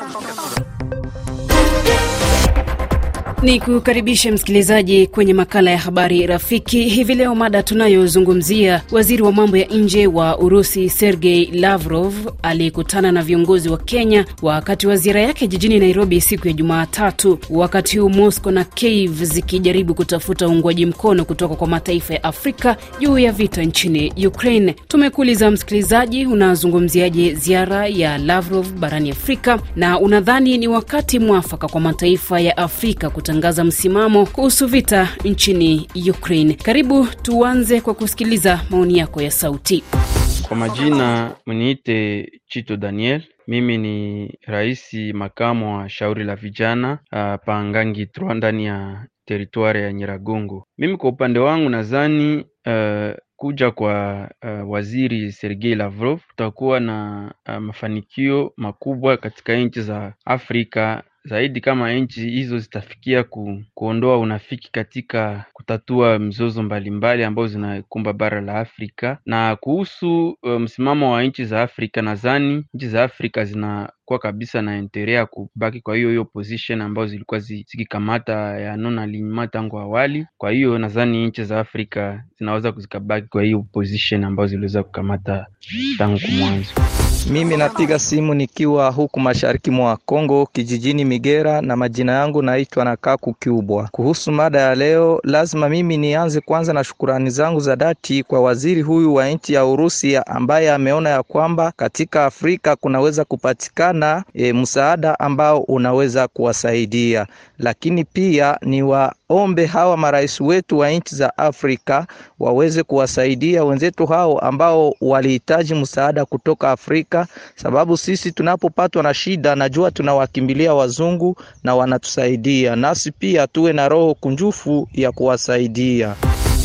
opinião de Ni kukaribishe msikilizaji kwenye makala ya habari rafiki. Hivi leo mada tunayozungumzia, waziri wa mambo ya nje wa Urusi Sergei Lavrov aliyekutana na viongozi wa Kenya wakati wa ziara yake jijini Nairobi siku ya jumaatatu wakati huu mosco na cave zikijaribu kutafuta uungwaji mkono kutoka kwa mataifa ya Afrika juu ya vita nchini Ukraine. Tumekuuliza msikilizaji, unazungumziaje ziara ya Lavrov barani Afrika na unadhani ni wakati mwafaka kwa mataifa ya Afrika kutangaza msimamo kuhusu vita nchini Ukraine. Karibu tuanze kwa kusikiliza maoni yako ya sauti. Kwa majina mniite Chito Daniel. Mimi ni rais makamu wa shauri la vijana ah, pangangi Trois ndani ya teritwari ya Nyiragongo. Mimi kwa upande wangu nadhani uh, kuja kwa uh, waziri Sergei Lavrov kutakuwa na uh, mafanikio makubwa katika nchi za Afrika zaidi kama nchi hizo zitafikia ku, kuondoa unafiki katika kutatua mizozo mbalimbali ambazo zinakumba bara la Afrika. Na kuhusu eh, msimamo um, wa nchi za Afrika, nadhani nchi za Afrika zina hakukuwa kabisa na intere kubaki kwa hiyo hiyo position ambazo zilikuwa zikikamata ya nona alignment tangu awali. Kwa hiyo nadhani nchi za Afrika zinaweza kuzikabaki kwa hiyo position ambazo ziliweza kukamata tangu mwanzo. Mimi napiga simu nikiwa huku mashariki mwa Kongo kijijini Migera, na majina yangu naitwa nakaa Kiubwa. Kuhusu mada ya leo, lazima mimi nianze kwanza na shukurani zangu za dati kwa waziri huyu wa nchi ya Urusi ambaye ameona ya kwamba katika Afrika kunaweza kupatikana sana e, msaada ambao unaweza kuwasaidia, lakini pia ni waombe hawa marais wetu wa nchi za Afrika waweze kuwasaidia wenzetu hao ambao walihitaji msaada kutoka Afrika, sababu sisi tunapopatwa na shida, najua tunawakimbilia wazungu na wanatusaidia, nasi pia tuwe na roho kunjufu ya kuwasaidia.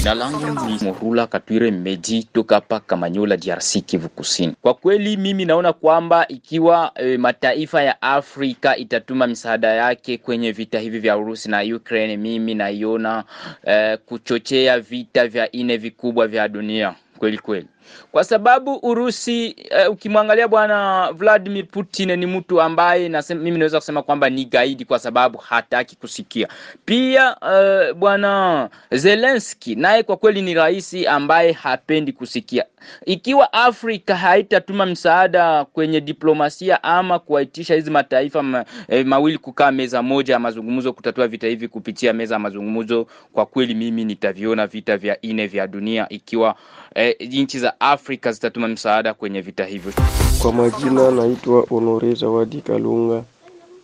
Jina langu ni Murula Katwire meji toka hapa Kamanyola, DRC, Kivu Kusini. Kwa kweli mimi naona kwamba ikiwa e, mataifa ya Afrika itatuma misaada yake kwenye vita hivi vya Urusi na Ukraine, mimi naiona e, kuchochea vita vya nne vikubwa vya dunia kweli kweli, kwa sababu Urusi uh, ukimwangalia bwana Vladimir Putin ni mtu ambaye mimi naweza kusema kwamba ni gaidi, kwa sababu hataki kusikia. Pia uh, bwana Zelensky naye kwa kweli ni rais ambaye hapendi kusikia. Ikiwa Afrika haitatuma msaada kwenye diplomasia ama kuwaitisha hizi mataifa ma, eh, mawili kukaa meza moja ya mazungumzo kutatua vita hivi kupitia meza ya mazungumzo, kwa kweli mimi nitaviona vita vya ine vya dunia ikiwa eh, nchi za Afrika zitatuma msaada kwenye vita hivyo. Kwa majina naitwa Honore Zawadi Kalunga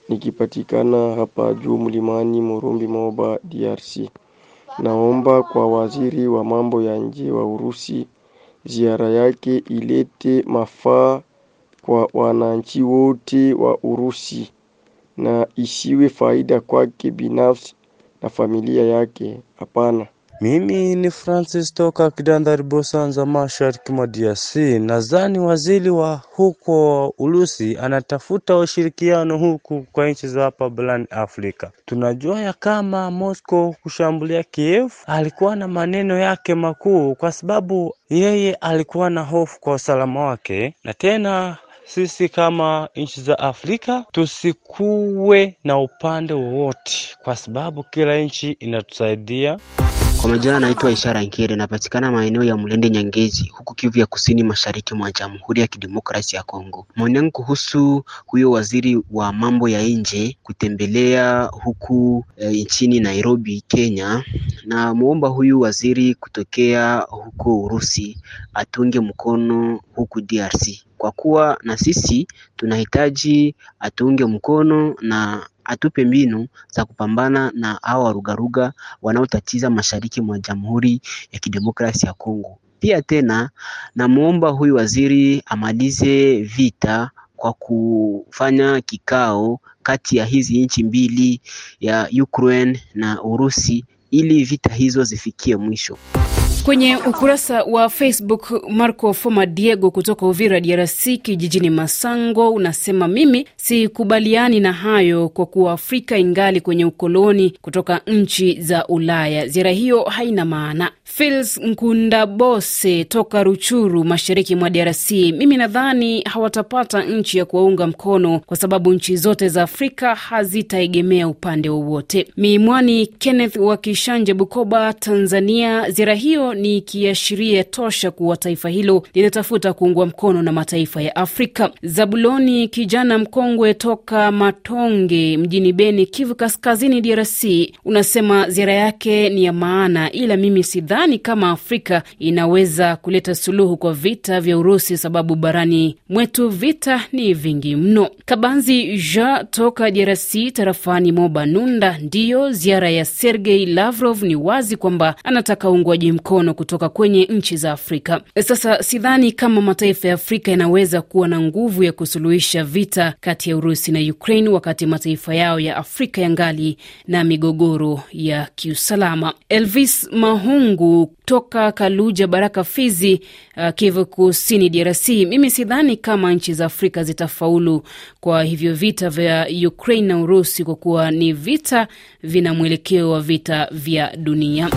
nikipatikana hapa juu mlimani Morumbi, Moba, DRC. Naomba kwa waziri wa mambo ya nje wa Urusi, ziara yake ilete mafaa kwa wananchi wote wa Urusi na isiwe faida kwake binafsi na familia yake. Hapana. Mimi ni Francis toka Kidanda Ribosanza, mashariki mwa DRC. Nadhani waziri wa huko Urusi anatafuta ushirikiano huku kwa nchi za hapa barani Afrika. Tunajua ya kama Moscow kushambulia Kiev alikuwa na maneno yake makuu, kwa sababu yeye alikuwa na hofu kwa usalama wake, na tena sisi kama nchi za Afrika tusikuwe na upande wowote, kwa sababu kila nchi inatusaidia. Kwa majina naitwa Ishara Nkere, napatikana maeneo ya Mlende Nyangezi, huku Kivu ya Kusini, mashariki mwa Jamhuri ya Kidemokrasia ya Kongo. Maoni yangu kuhusu huyo waziri wa mambo ya nje kutembelea huku e, nchini Nairobi, Kenya, na muomba huyu waziri kutokea huko Urusi atunge mkono huku DRC kwa kuwa na sisi tunahitaji atuunge mkono na atupe mbinu za kupambana na hawa warugaruga wanaotatiza mashariki mwa Jamhuri ya Kidemokrasia ya Kongo. Pia tena namwomba huyu waziri amalize vita kwa kufanya kikao kati ya hizi nchi mbili ya Ukraine na Urusi ili vita hizo zifikie mwisho. Kwenye ukurasa wa Facebook, Marco Foma Diego kutoka Uvira, DRC, kijijini Masango, unasema mimi sikubaliani na hayo kwa kuwa Afrika ingali kwenye ukoloni kutoka nchi za Ulaya. Ziara hiyo haina maana. Fils Nkundabose toka Ruchuru, mashariki mwa DRC. Mimi nadhani hawatapata nchi ya kuwaunga mkono kwa sababu nchi zote za Afrika hazitaegemea upande wowote. Miimwani Kenneth wa Kishanje, Bukoba, Tanzania. Ziara hiyo ni kiashiria tosha kuwa taifa hilo linatafuta kuungwa mkono na mataifa ya Afrika. Zabuloni kijana mkongwe toka Matonge mjini Beni, Kivu Kaskazini, DRC, unasema ziara yake ni ya maana, ila mimi sidhani Sidhani kama Afrika inaweza kuleta suluhu kwa vita vya Urusi, sababu barani mwetu vita ni vingi mno. Kabanzi Ja toka DRC tarafani Mobanunda. Ndiyo ziara ya Sergei Lavrov ni wazi kwamba anataka uungwaji mkono kutoka kwenye nchi za Afrika. Sasa sidhani kama mataifa ya Afrika yanaweza kuwa na nguvu ya kusuluhisha vita kati ya Urusi na Ukraine wakati mataifa yao ya Afrika yangali na migogoro ya kiusalama. Elvis Mahungu kutoka Kaluja Baraka Fizi, uh, Kivu Kusini, DRC. Mimi sidhani kama nchi za Afrika zitafaulu kwa hivyo vita vya Ukraine na Urusi, kwa kuwa ni vita vina mwelekeo wa vita vya dunia.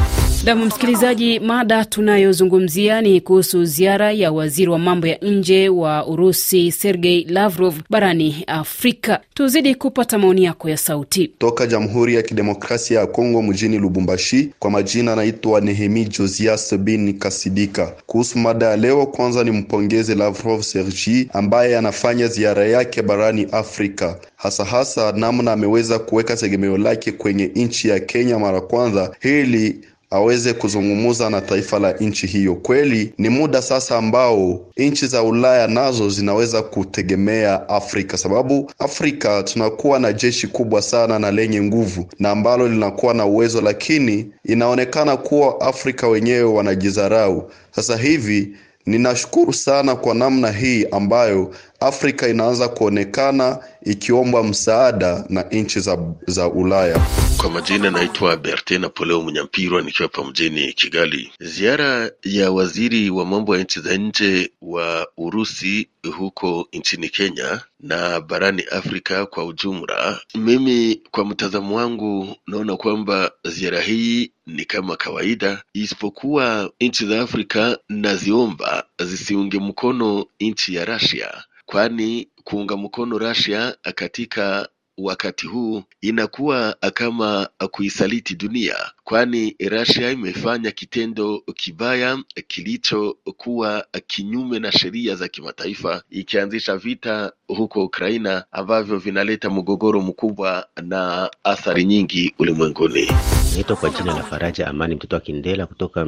Nam msikilizaji, mada tunayozungumzia ni kuhusu ziara ya waziri wa mambo ya nje wa Urusi Sergei Lavrov barani Afrika. Tuzidi kupata maoni yako ya sauti toka Jamhuri ya Kidemokrasia ya Kongo mjini Lubumbashi. Kwa majina anaitwa Nehemi Josias bin Kasidika. Kuhusu mada ya leo, kwanza ni mpongeze Lavrov sergi ambaye anafanya ziara yake barani Afrika, hasa hasa namna ameweza kuweka tegemeo lake kwenye nchi ya Kenya mara kwanza hili aweze kuzungumuza na taifa la nchi hiyo. Kweli ni muda sasa ambao nchi za Ulaya nazo zinaweza kutegemea Afrika, sababu Afrika tunakuwa na jeshi kubwa sana na lenye nguvu na ambalo linakuwa na uwezo, lakini inaonekana kuwa Afrika wenyewe wanajidharau sasa hivi. Ninashukuru sana kwa namna hii ambayo Afrika inaanza kuonekana ikiomba msaada na nchi za, za Ulaya. Kwa majina naitwa Berte Napoleo Munyampirwa nikiwa hapa mjini Kigali. Ziara ya waziri wa mambo ya nchi za nje wa Urusi huko nchini Kenya na barani Afrika kwa ujumla, mimi kwa mtazamo wangu naona kwamba ziara hii ni kama kawaida, isipokuwa nchi za Afrika naziomba zisiunge mkono nchi ya Russia kwani kuunga mkono Russia katika wakati huu inakuwa kama kuisaliti dunia, kwani Russia imefanya kitendo kibaya kilichokuwa kinyume na sheria za kimataifa, ikianzisha vita huko Ukraina ambavyo vinaleta mgogoro mkubwa na athari nyingi ulimwenguni. Naitwa kwa jina la Faraja Amani, mtoto wa Kindela kutoka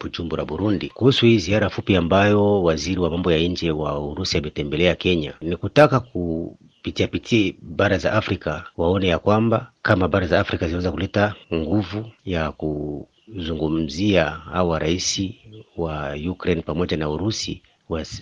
Bujumbura, Burundi, kuhusu hii ziara fupi ambayo waziri wa mambo ya nje wa Urusi ametembelea Kenya, ni kutaka kupitiapitia bara za Afrika waone ya kwamba kama bara za Afrika zinaweza kuleta nguvu ya kuzungumzia hawa rais wa Ukraine pamoja na Urusi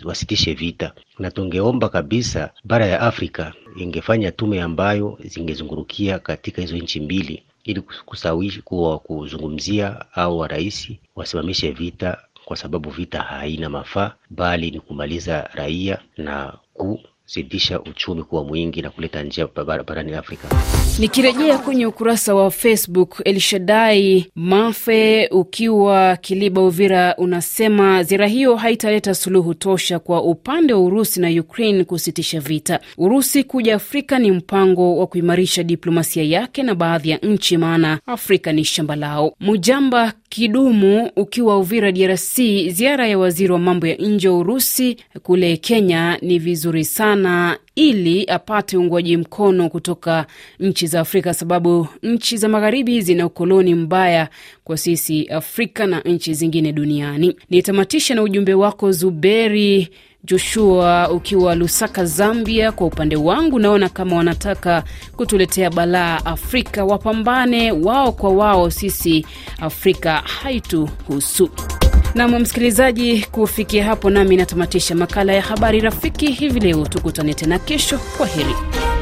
wasitishe vita, na tungeomba kabisa bara ya Afrika ingefanya tume ambayo zingezungurukia katika hizo nchi mbili ili kusawishi kuwa kuzungumzia au rais wasimamishe vita, kwa sababu vita haina mafaa, bali ni kumaliza raia na ku zidisha uchumi kuwa mwingi na kuleta njia barani Afrika. Nikirejea kwenye ukurasa wa Facebook, Elshadai Mafe ukiwa Kiliba Uvira unasema zira hiyo haitaleta suluhu tosha kwa upande wa Urusi na Ukraine kusitisha vita. Urusi kuja Afrika ni mpango wa kuimarisha diplomasia yake na baadhi ya nchi, maana Afrika ni shamba lao. Mujamba Kidumu ukiwa Uvira DRC, ziara ya waziri wa mambo ya nje wa Urusi kule Kenya ni vizuri sana sana ili apate uungwaji mkono kutoka nchi za Afrika, sababu nchi za magharibi zina ukoloni mbaya kwa sisi Afrika na nchi zingine duniani. Nitamatisha na ujumbe wako Zuberi Joshua ukiwa Lusaka, Zambia. Kwa upande wangu, naona kama wanataka kutuletea balaa Afrika, wapambane wao kwa wao, sisi Afrika haituhusu. Nam msikilizaji, kufikia hapo nami natamatisha makala ya habari rafiki hivi leo. Tukutane tena kesho. Kwa heri.